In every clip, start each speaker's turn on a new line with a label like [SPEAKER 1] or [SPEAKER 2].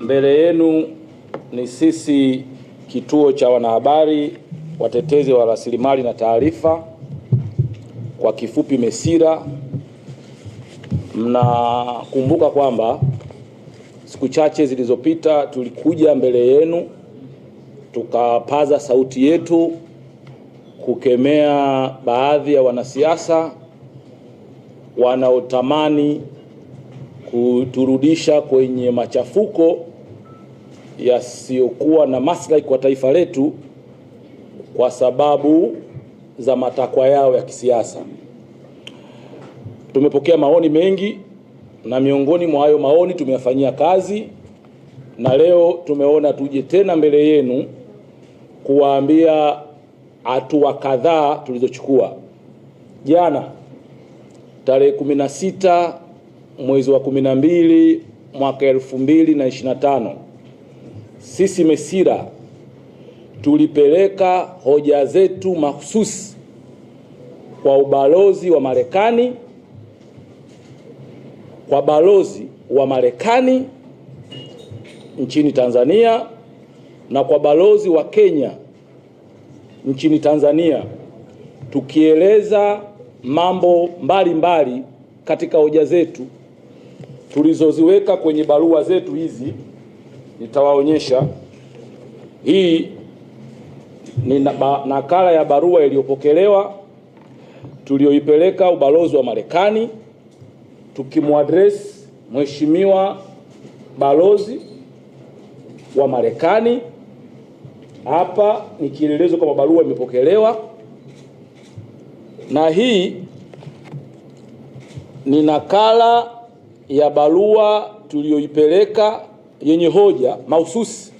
[SPEAKER 1] Mbele yenu ni sisi kituo cha wanahabari watetezi wa rasilimali na taarifa, kwa kifupi MECIRA. Mnakumbuka kwamba siku chache zilizopita tulikuja mbele yenu tukapaza sauti yetu kukemea baadhi ya wanasiasa wanaotamani kuturudisha kwenye machafuko yasiyokuwa na maslahi kwa taifa letu kwa sababu za matakwa yao ya kisiasa. Tumepokea maoni mengi na miongoni mwa hayo maoni tumeyafanyia kazi, na leo tumeona tuje tena mbele yenu kuwaambia hatua kadhaa tulizochukua. Jana tarehe 16 mwezi wa 12 mwaka 2025 sisi mesira tulipeleka hoja zetu mahususi kwa ubalozi wa Marekani, kwa balozi wa Marekani nchini Tanzania na kwa balozi wa Kenya nchini Tanzania tukieleza mambo mbalimbali mbali katika hoja zetu tulizoziweka kwenye barua zetu hizi nitawaonyesha. Hii ni nakala ya barua iliyopokelewa tulioipeleka ubalozi wa Marekani tukimwadresi Mheshimiwa balozi wa Marekani. Hapa ni kielelezo kwamba barua imepokelewa, na hii ni nakala ya barua tuliyoipeleka yenye hoja mahususi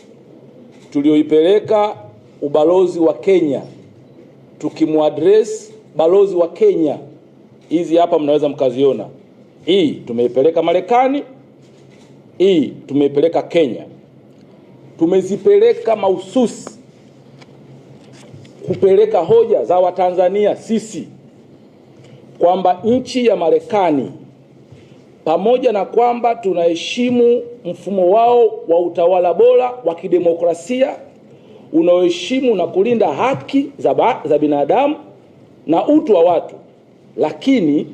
[SPEAKER 1] tulioipeleka ubalozi wa Kenya, tukimwadresi balozi wa Kenya. Hizi hapa mnaweza mkaziona, hii tumeipeleka Marekani, hii tumeipeleka Kenya. Tumezipeleka mahususi kupeleka hoja za Watanzania sisi kwamba nchi ya Marekani pamoja na kwamba tunaheshimu mfumo wao wa utawala bora wa kidemokrasia unaoheshimu na kulinda haki za, ba, za binadamu na utu wa watu, lakini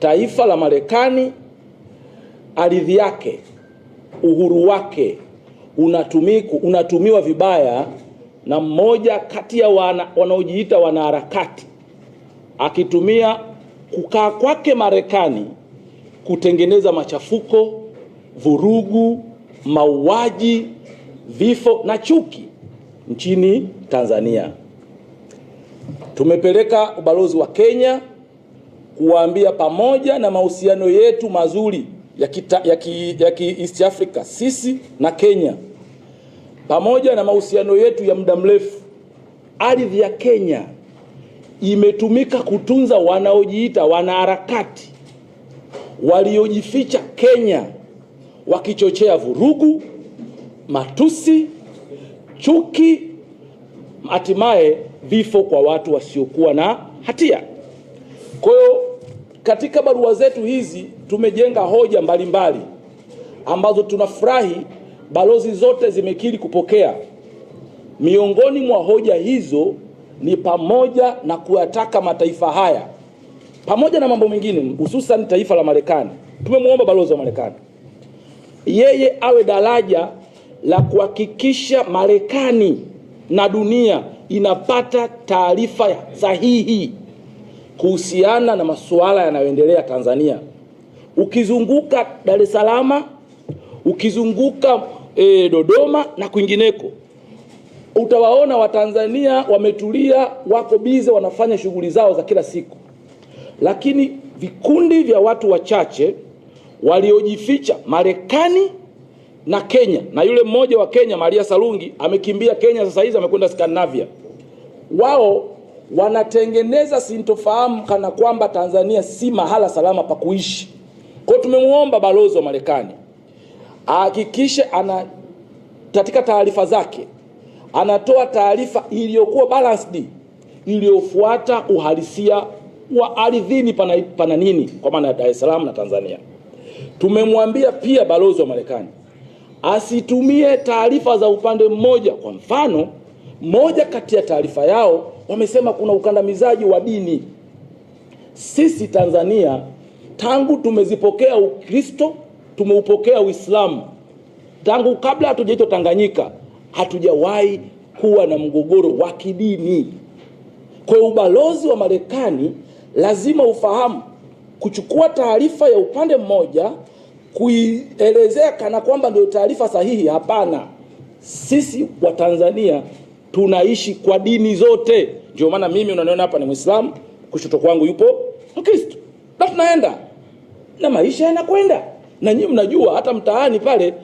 [SPEAKER 1] taifa la Marekani, ardhi yake, uhuru wake unatumiku, unatumiwa vibaya na mmoja kati ya wana, wanaojiita wanaharakati akitumia kukaa kwake Marekani kutengeneza machafuko, vurugu, mauaji, vifo na chuki nchini Tanzania. Tumepeleka ubalozi wa Kenya kuwaambia, pamoja na mahusiano yetu mazuri ya ya ki, ya ki East Africa sisi na Kenya, pamoja na mahusiano yetu ya muda mrefu, ardhi ya Kenya imetumika kutunza wanaojiita wanaharakati waliojificha Kenya wakichochea vurugu, matusi, chuki, hatimaye vifo kwa watu wasiokuwa na hatia. Kwa hiyo katika barua zetu hizi tumejenga hoja mbalimbali mbali, ambazo tunafurahi balozi zote zimekiri kupokea. Miongoni mwa hoja hizo ni pamoja na kuyataka mataifa haya pamoja na mambo mengine, hususan taifa la Marekani, tumemwomba balozi wa Marekani yeye awe daraja la kuhakikisha Marekani na dunia inapata taarifa sahihi kuhusiana na masuala yanayoendelea Tanzania. Ukizunguka Dar es Salaam, ukizunguka e, Dodoma na kwingineko utawaona Watanzania wametulia, wako bize, wanafanya shughuli zao za kila siku lakini vikundi vya watu wachache waliojificha Marekani na Kenya, na yule mmoja wa Kenya Maria Sarungi amekimbia Kenya, sasa hizi amekwenda Scandinavia. Wao wanatengeneza sintofahamu kana kwamba Tanzania si mahala salama pa kuishi. Kwa tumemwomba balozi wa Marekani ahakikishe ana katika taarifa zake anatoa taarifa iliyokuwa balanced iliyofuata uhalisia wa ardhini pana, pana nini kwa maana ya Dar es Salaam na Tanzania. Tumemwambia pia balozi wa Marekani asitumie taarifa za upande mmoja. Kwa mfano, moja kati ya taarifa yao wamesema kuna ukandamizaji wa dini. Sisi Tanzania tangu tumezipokea Ukristo, tumeupokea Uislamu, tangu kabla hatujaitwa Tanganyika, hatujawahi kuwa na mgogoro wa kidini. Kwa ubalozi wa Marekani lazima ufahamu kuchukua taarifa ya upande mmoja kuielezea kana kwamba ndio taarifa sahihi. Hapana, sisi Watanzania tunaishi kwa dini zote. Ndio maana mimi unaniona hapa ni Mwislamu, kushoto kwangu yupo Mkristo, na tunaenda na maisha yanakwenda, na nyinyi mnajua hata mtaani pale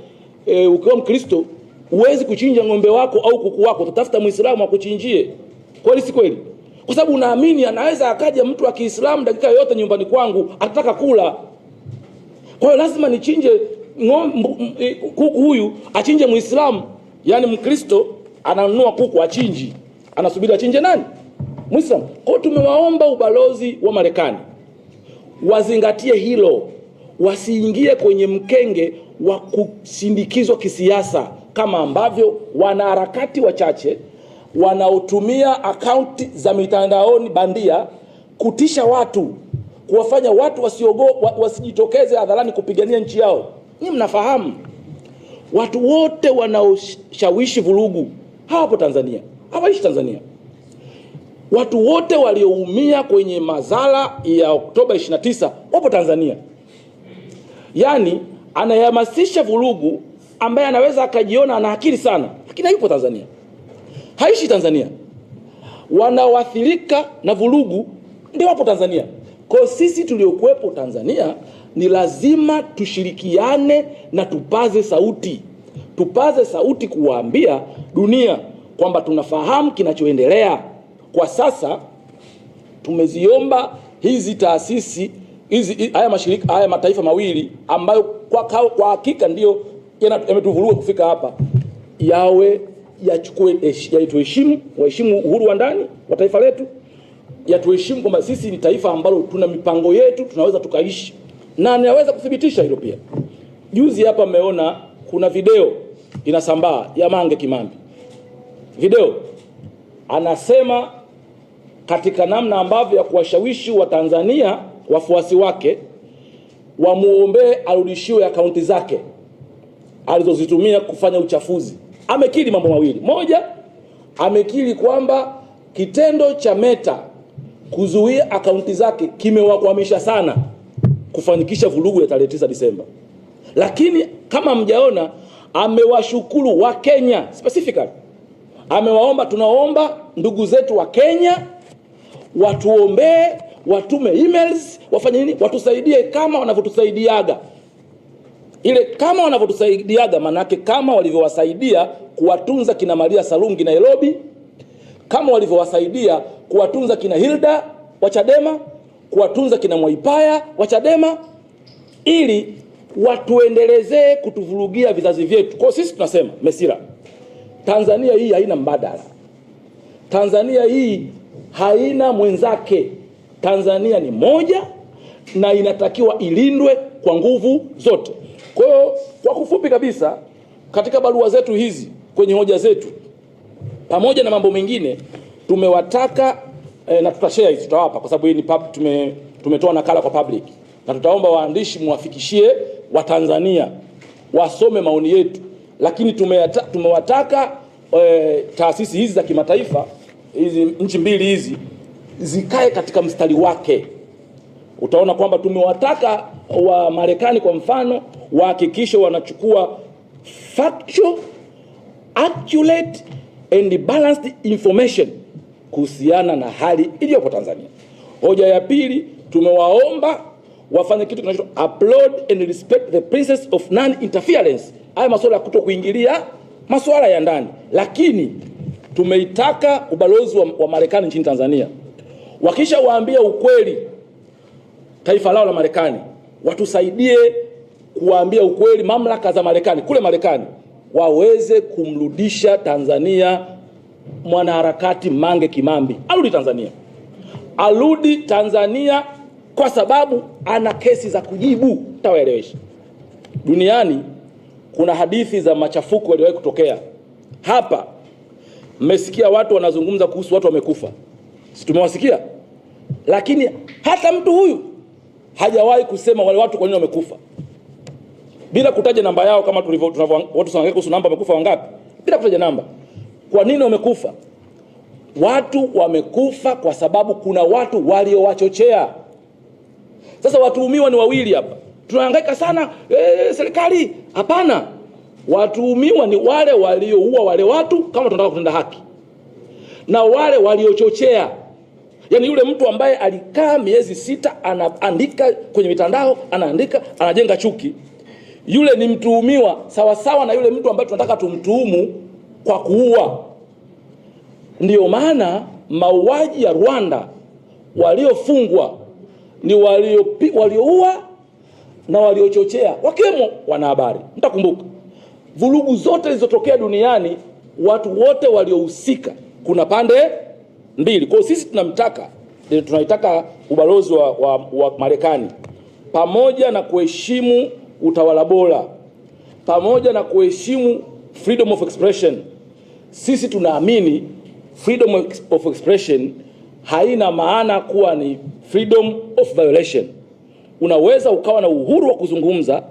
[SPEAKER 1] e, ukiwa Mkristo huwezi kuchinja ng'ombe wako au kuku wako, tutafuta Mwislamu akuchinjie. Kweli si kweli? kwa sababu unaamini anaweza akaja mtu wa Kiislamu dakika yoyote nyumbani kwangu atataka kula. Kwa hiyo lazima nichinje kuku huyu, achinje Muislamu. Yaani Mkristo ananunua kuku achinji, anasubiri achinje nani? Muislamu. Kwa hiyo tumewaomba ubalozi wa Marekani wazingatie hilo, wasiingie kwenye mkenge wa kusindikizwa kisiasa kama ambavyo wanaharakati wachache wanaotumia akaunti za mitandaoni bandia kutisha watu, kuwafanya watu wasiogo, wasijitokeze hadharani kupigania nchi yao. Ninyi mnafahamu watu wote wanaoshawishi vurugu hawapo Tanzania, hawaishi Tanzania. Watu wote walioumia kwenye madhara ya Oktoba 29 wapo Tanzania. Yaani anayehamasisha vurugu ambaye anaweza akajiona ana akili sana, lakini hayupo Tanzania haishi Tanzania, wanaoathirika na vurugu ndio wapo Tanzania. Kwa sisi tuliokuwepo Tanzania ni lazima tushirikiane na tupaze sauti, tupaze sauti kuwaambia dunia kwamba tunafahamu kinachoendelea kwa sasa. Tumeziomba hizi taasisi hizi, haya mashirika, haya mataifa mawili ambayo kwa, kwa hakika ndiyo yametuvuruga kufika hapa yawe yachukue yaituheshimu, waheshimu uhuru wa ndani wa taifa letu, yatuheshimu kwamba sisi ni taifa ambalo tuna mipango yetu, tunaweza tukaishi, na naweza kuthibitisha hilo pia. Juzi hapa mmeona kuna video inasambaa ya Mange Kimambi, video anasema katika namna ambavyo ya kuwashawishi Watanzania wafuasi wake wamuombee arudishiwe akaunti zake alizozitumia kufanya uchafuzi amekiri mambo mawili. Moja, amekiri kwamba kitendo cha Meta kuzuia akaunti zake kimewakwamisha sana kufanikisha vurugu ya tarehe 9 Disemba, lakini kama mjaona, amewashukuru wa Kenya specifically, amewaomba tunaomba ndugu zetu wa Kenya watuombee, watume emails, wafanye nini, watusaidie kama wanavyotusaidiaga ile kama wanavyotusaidiaga, manake kama walivyowasaidia kuwatunza kina Maria salungi Nairobi, kama walivyowasaidia kuwatunza kina Hilda wa Chadema, kuwatunza kina Mwaipaya wa Chadema, ili watuendelezee kutuvurugia vizazi vyetu. Kwa sisi tunasema Mesira, Tanzania hii haina mbadala, Tanzania hii haina mwenzake. Tanzania ni moja na inatakiwa ilindwe kwa nguvu zote. Kwa hiyo kwa kufupi kabisa, katika barua zetu hizi kwenye hoja zetu pamoja na mambo mengine tumewataka eh, na tutashare hizi tutawapa, kwa sababu hii ni pub, tume tumetoa nakala kwa public na tutaomba waandishi mwafikishie Watanzania wasome maoni yetu, lakini tumewataka eh, taasisi hizi za kimataifa hizi nchi mbili hizi zikae katika mstari wake. Utaona kwamba tumewataka wa Marekani kwa mfano wahakikishe wanachukua factual, accurate and balanced information kuhusiana na hali iliyopo Tanzania. Hoja ya pili, tumewaomba wafanye kitu kinachoitwa upload and respect the principles of non interference, haya masuala ya kuto kuingilia masuala ya ndani. Lakini tumeitaka ubalozi wa, wa Marekani nchini Tanzania wakisha waambia ukweli taifa lao la Marekani watusaidie kuambia ukweli mamlaka za Marekani kule Marekani waweze kumrudisha Tanzania mwanaharakati Mange Kimambi arudi Tanzania, arudi Tanzania kwa sababu ana kesi za kujibu. Tawaelewesha, duniani kuna hadithi za machafuko yaliyowahi kutokea hapa. Mmesikia watu wanazungumza kuhusu watu wamekufa, si tumewasikia? Lakini hata mtu huyu hajawahi kusema wale watu kwa nini wamekufa bila kutaja namba yao, kama tulivyo watu sana kuhusu namba, wamekufa wangapi bila kutaja namba. Kwa nini wamekufa? Watu wamekufa kwa sababu kuna watu waliowachochea. Sasa watuhumiwa ni wawili hapa, tunahangaika sana ee, serikali. Hapana, watuhumiwa ni wale walioua wale watu, kama tunataka kutenda haki, na wale waliochochea Yaani yule mtu ambaye alikaa miezi sita anaandika kwenye mitandao, anaandika anajenga chuki yule ni mtuhumiwa sawasawa na yule mtu ambaye tunataka tumtuhumu kwa kuua. Ndiyo maana mauaji ya Rwanda waliofungwa ni walioua na waliochochea wakiwemo wanahabari. Mtakumbuka vurugu zote zilizotokea duniani, watu wote waliohusika, kuna pande mbili. Kwa sisi tunamtaka eh, tunaitaka ubalozi wa, wa, wa Marekani pamoja na kuheshimu utawala bora, pamoja na kuheshimu freedom of expression. Sisi tunaamini freedom of expression haina maana kuwa ni freedom of violation. Unaweza ukawa na uhuru wa kuzungumza,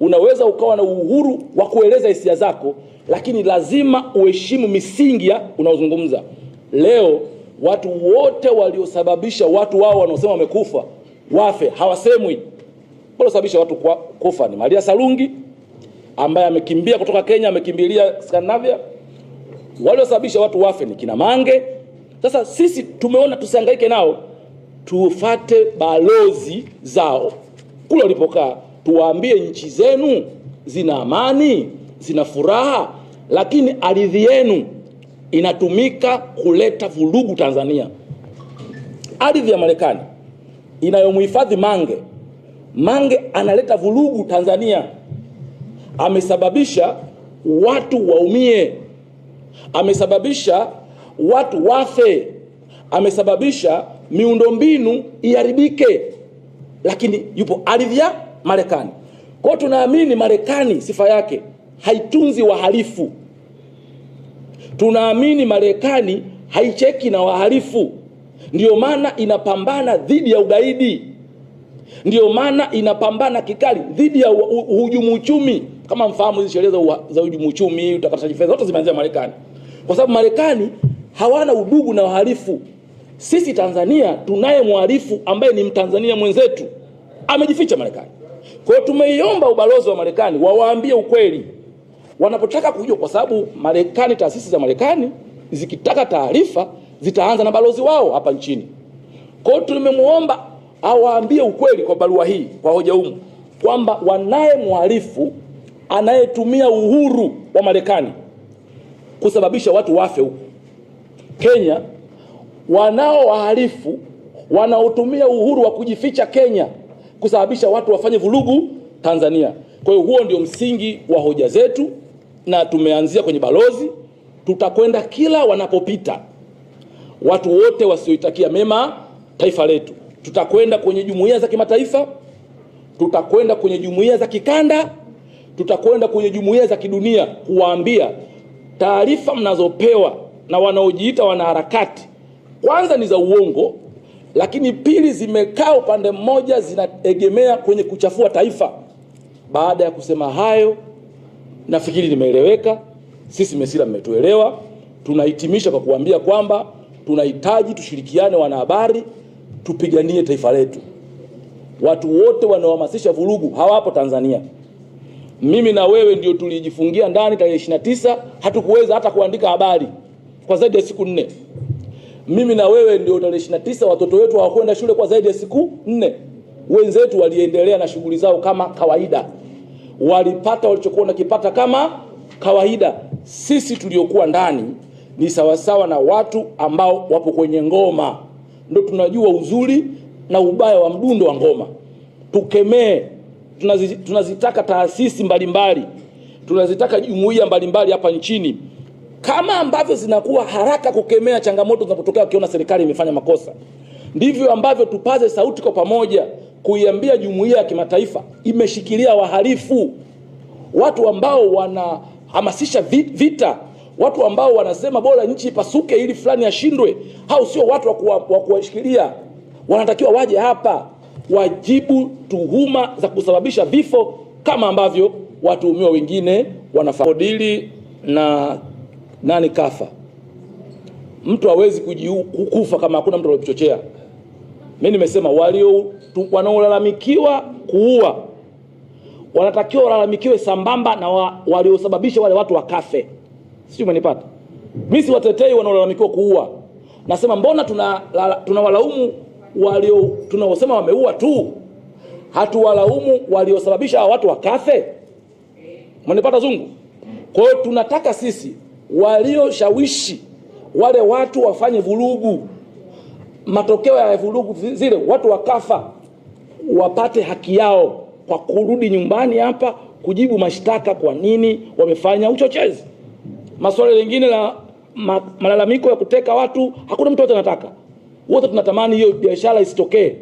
[SPEAKER 1] unaweza ukawa na uhuru wa kueleza hisia zako, lakini lazima uheshimu misingi ya unaozungumza. Leo watu wote waliosababisha watu wao wanaosema wamekufa wafe hawasemwi waliosababisha watu kwa kufa ni Maria Sarungi ambaye amekimbia kutoka Kenya, amekimbilia Scandinavia. Waliosababisha watu wafe ni kina Mange. Sasa sisi tumeona tusihangaike nao, tufate balozi zao kule walipokaa, tuwaambie nchi zenu zina amani, zina furaha, lakini ardhi yenu inatumika kuleta vurugu Tanzania. Ardhi ya Marekani inayomhifadhi Mange Mange analeta vurugu Tanzania, amesababisha watu waumie, amesababisha watu wafe, amesababisha miundombinu iharibike, lakini yupo ardhi ya Marekani. Kwa hiyo tunaamini Marekani sifa yake haitunzi wahalifu, tunaamini Marekani haicheki na wahalifu, ndiyo maana inapambana dhidi ya ugaidi. Ndiyo maana inapambana kikali dhidi ya uhujumu uchumi. Kama mfahamu, hizi sheria za uhujumu uchumi, utakatishaji fedha zote zimeanzia Marekani, kwa sababu Marekani hawana udugu na wahalifu. Sisi Tanzania tunaye mhalifu ambaye ni Mtanzania mwenzetu, amejificha Marekani. Kwa hiyo tumeiomba ubalozi wa Marekani wawaambie ukweli wanapotaka kujua, kwa sababu Marekani, taasisi za Marekani zikitaka taarifa zitaanza na balozi wao hapa nchini. Kwa hiyo tumemwomba awaambie ukweli kwa barua hii, kwa hoja umu kwamba wanaye mhalifu anayetumia uhuru wa Marekani kusababisha watu wafe huku Kenya, wanao wahalifu wanaotumia uhuru wa kujificha Kenya kusababisha watu wafanye vurugu Tanzania. Kwa hiyo huo ndio msingi wa hoja zetu, na tumeanzia kwenye balozi. Tutakwenda kila wanapopita watu wote wasioitakia mema taifa letu. Tutakwenda kwenye jumuiya za kimataifa, tutakwenda kwenye jumuiya za kikanda, tutakwenda kwenye jumuiya za kidunia kuwaambia taarifa mnazopewa na wanaojiita wanaharakati, kwanza ni za uongo, lakini pili, zimekaa upande mmoja, zinaegemea kwenye kuchafua taifa. Baada ya kusema hayo, nafikiri nimeeleweka. Sisi MESIRA mmetuelewa. Tunahitimisha kwa kuambia kwamba tunahitaji tushirikiane wanahabari tupiganie taifa letu. Watu wote wanaohamasisha vurugu hawapo Tanzania. Mimi na wewe ndio tulijifungia ndani tarehe 29, hatukuweza hata kuandika habari kwa zaidi ya siku nne. Mimi na wewe ndio tarehe 29, watoto wetu hawakwenda shule kwa zaidi ya siku nne. Wenzetu waliendelea na shughuli zao kama kawaida, walipata walichokuwa wanakipata kama kawaida. Sisi tuliokuwa ndani ni sawasawa na watu ambao wapo kwenye ngoma ndo tunajua uzuri na ubaya wa mdundo wa ngoma. Tukemee, tunazitaka taasisi mbalimbali tunazitaka jumuiya mbalimbali hapa nchini kama ambavyo zinakuwa haraka kukemea changamoto zinapotokea wakiona serikali imefanya makosa, ndivyo ambavyo tupaze sauti kwa pamoja kuiambia jumuiya ya kimataifa imeshikilia wahalifu, watu ambao wanahamasisha vita watu ambao wanasema bora nchi ipasuke ili fulani ashindwe. Hao sio watu wa kuwashikilia, wanatakiwa waje hapa wajibu tuhuma za kusababisha vifo kama ambavyo watuhumiwa wengine wanafadili na nani kafa, mtu hawezi kukufa kama hakuna mtu aliyochochea. Mimi nimesema walio wanaolalamikiwa kuua wanatakiwa walalamikiwe sambamba na wa, waliosababisha wale watu wakafe. Sijui umenipata. Mimi siwatetei wanaolalamikiwa kuua. Nasema mbona tuna tunawalaumu walio tunaosema wameua tu. Hatuwalaumu waliosababisha hao watu wakafe. Umenipata zungu? Kwa hiyo tunataka sisi walioshawishi wale watu wafanye vurugu, matokeo ya vurugu zile watu wakafa, wapate haki yao kwa kurudi nyumbani hapa kujibu mashtaka, kwa nini wamefanya uchochezi. Masuala mengine la ma, malalamiko ya kuteka watu, hakuna mtu yote anataka, wote tunatamani hiyo biashara isitokee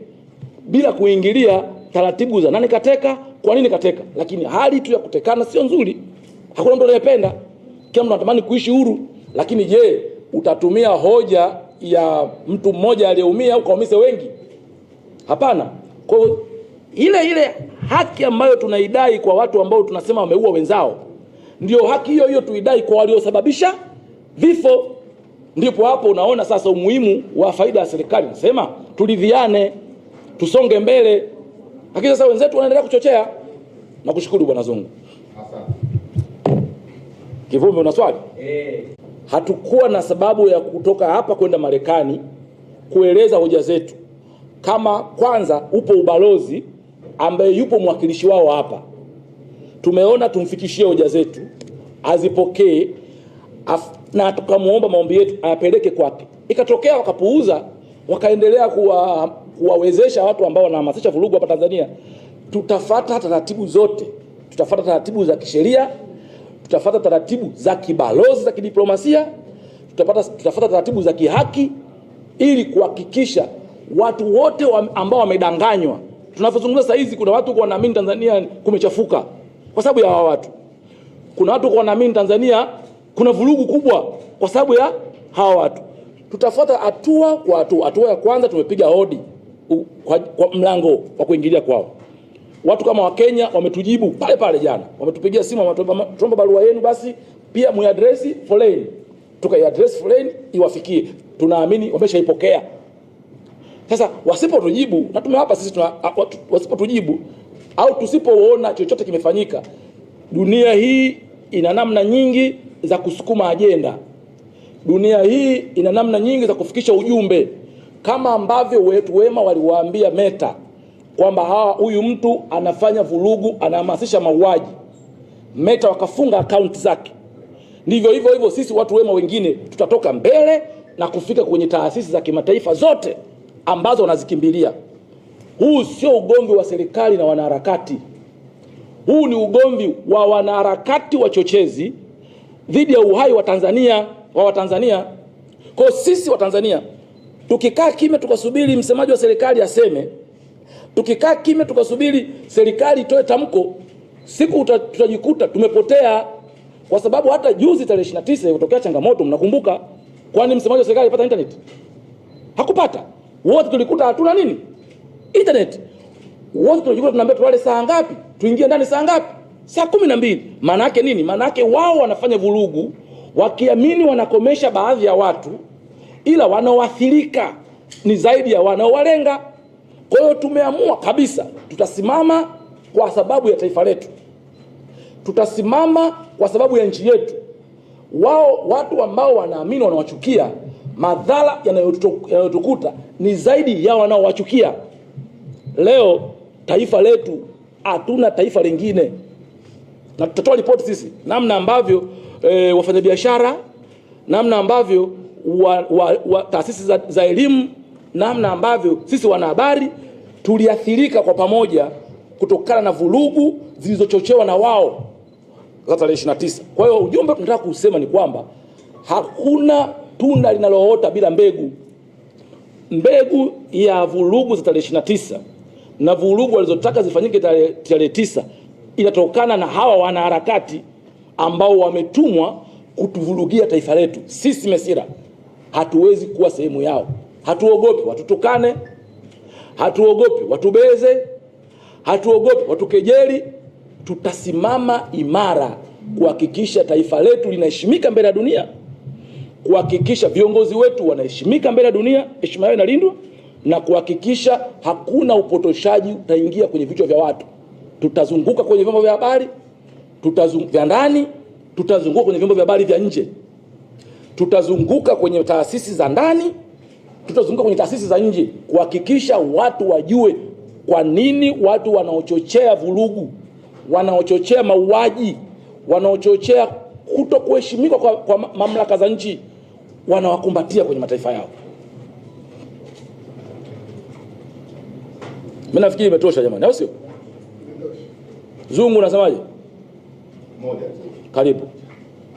[SPEAKER 1] bila kuingilia taratibu za nani kateka, kwa nini kateka, lakini hali tu ya kutekana sio nzuri, hakuna mtu anayependa. Kila mtu anatamani kuishi huru, lakini je, utatumia hoja ya mtu mmoja aliyeumia ukaumize wengi? Hapana. Kwa ile ile haki ambayo tunaidai kwa watu ambao tunasema wameua wenzao ndio haki hiyo hiyo tuidai kwa waliosababisha vifo. Ndipo hapo unaona sasa umuhimu wa faida ya serikali. Nasema tuliviane tusonge mbele, lakini sasa wenzetu wanaendelea kuchochea. Nakushukuru bwana Zungu. Kivumbi, una swali eh? Hatukuwa na sababu ya kutoka hapa kwenda Marekani kueleza hoja zetu, kama kwanza upo ubalozi ambaye yupo mwakilishi wao hapa tumeona tumfikishie hoja zetu azipokee na tukamwomba maombi yetu ayapeleke kwake. Ikatokea wakapuuza, wakaendelea kuwa, kuwawezesha watu ambao wanahamasisha vurugu hapa Tanzania. Tutafata taratibu zote, tutafata taratibu za kisheria, tutafata taratibu za kibalozi za kidiplomasia, tutapata, tutafata taratibu za kihaki ili kuhakikisha watu wote wa, ambao wamedanganywa. Tunavyozungumza sasa hizi kuna watu wanaamini Tanzania kumechafuka kwa sababu ya hawa watu. Kuna watu wanaamini Tanzania kuna vurugu kubwa kwa sababu ya hawa watu. Tutafuata hatua kwa hatua. Hatua ya kwanza tumepiga hodi u, kwa, kwa mlango wa kuingilia kwao. Watu kama Wakenya wametujibu pale pale jana, wametupigia simu, wametuomba barua yenu, basi pia muiadresi foleni, tukaiadresi foleni iwafikie. Tunaamini wameshaipokea. Sasa wasipotujibu na tumewapa sisi, wasipotujibu au tusipoona chochote kimefanyika, dunia hii ina namna nyingi za kusukuma ajenda. Dunia hii ina namna nyingi za kufikisha ujumbe, kama ambavyo wetu wema waliwaambia Meta kwamba hawa, huyu mtu anafanya vurugu, anahamasisha mauaji. Meta wakafunga akaunti zake. Ndivyo hivyo hivyo, sisi watu wema wengine tutatoka mbele na kufika kwenye taasisi za kimataifa zote ambazo wanazikimbilia. Huu sio ugomvi wa serikali na wanaharakati. Huu ni ugomvi wa wanaharakati wachochezi dhidi ya uhai wa Tanzania, wa Watanzania. Kwa sisi Watanzania tukikaa kimya tukasubiri msemaji wa serikali aseme, tukikaa kimya tukasubiri serikali itoe tamko, siku tutajikuta tumepotea, kwa sababu hata juzi tarehe 29 ilitokea changamoto, mnakumbuka. Kwani msemaji wa serikali alipata internet? Hakupata. Wote tulikuta hatuna nini internet. Wote tunajikuta tunaambia tulale saa ngapi, tuingie ndani saa ngapi? Saa kumi na mbili. Maana yake nini? Maana yake wao wanafanya vurugu wakiamini wanakomesha baadhi ya watu, ila wanaoathirika ni zaidi ya wanaowalenga. Kwa hiyo tumeamua kabisa, tutasimama kwa sababu ya taifa letu, tutasimama kwa sababu ya nchi yetu. Wao watu ambao wanaamini wanawachukia, madhara yanayotukuta ni zaidi ya wanaowachukia. Leo taifa letu hatuna taifa lingine, na tutatoa ripoti sisi namna ambavyo e, wafanyabiashara namna ambavyo wa, wa, wa, taasisi za, za elimu namna ambavyo sisi wanahabari tuliathirika kwa pamoja kutokana na vurugu zilizochochewa na wao za tarehe 29. Kwa hiyo ujumbe tunataka kusema ni kwamba hakuna tunda linaloota bila mbegu. Mbegu ya vurugu za tarehe 29 na vurugu walizotaka zifanyike tarehe tisa inatokana na hawa wanaharakati ambao wametumwa kutuvurugia taifa letu. Sisi Mesira hatuwezi kuwa sehemu yao, hatuogopi watutukane, hatuogopi watubeze, hatuogopi watukejeli. Tutasimama imara kuhakikisha taifa letu linaheshimika mbele ya dunia, kuhakikisha viongozi wetu wanaheshimika mbele ya dunia, heshima yao inalindwa na kuhakikisha hakuna upotoshaji utaingia kwenye vichwa vya watu. Tutazunguka kwenye vyombo vya habari vya ndani, tutazunguka kwenye vyombo vya habari vya nje, tutazunguka kwenye taasisi za ndani, tutazunguka kwenye taasisi za nje kuhakikisha watu wajue kwa nini watu wanaochochea vurugu, wanaochochea mauaji, wanaochochea kuto kuheshimika kwa, kwa mamlaka za nchi wanawakumbatia kwenye mataifa yao. Mimi nafikiri imetosha jamani, au sio? Zungu unasemaje? Moja. Karibu.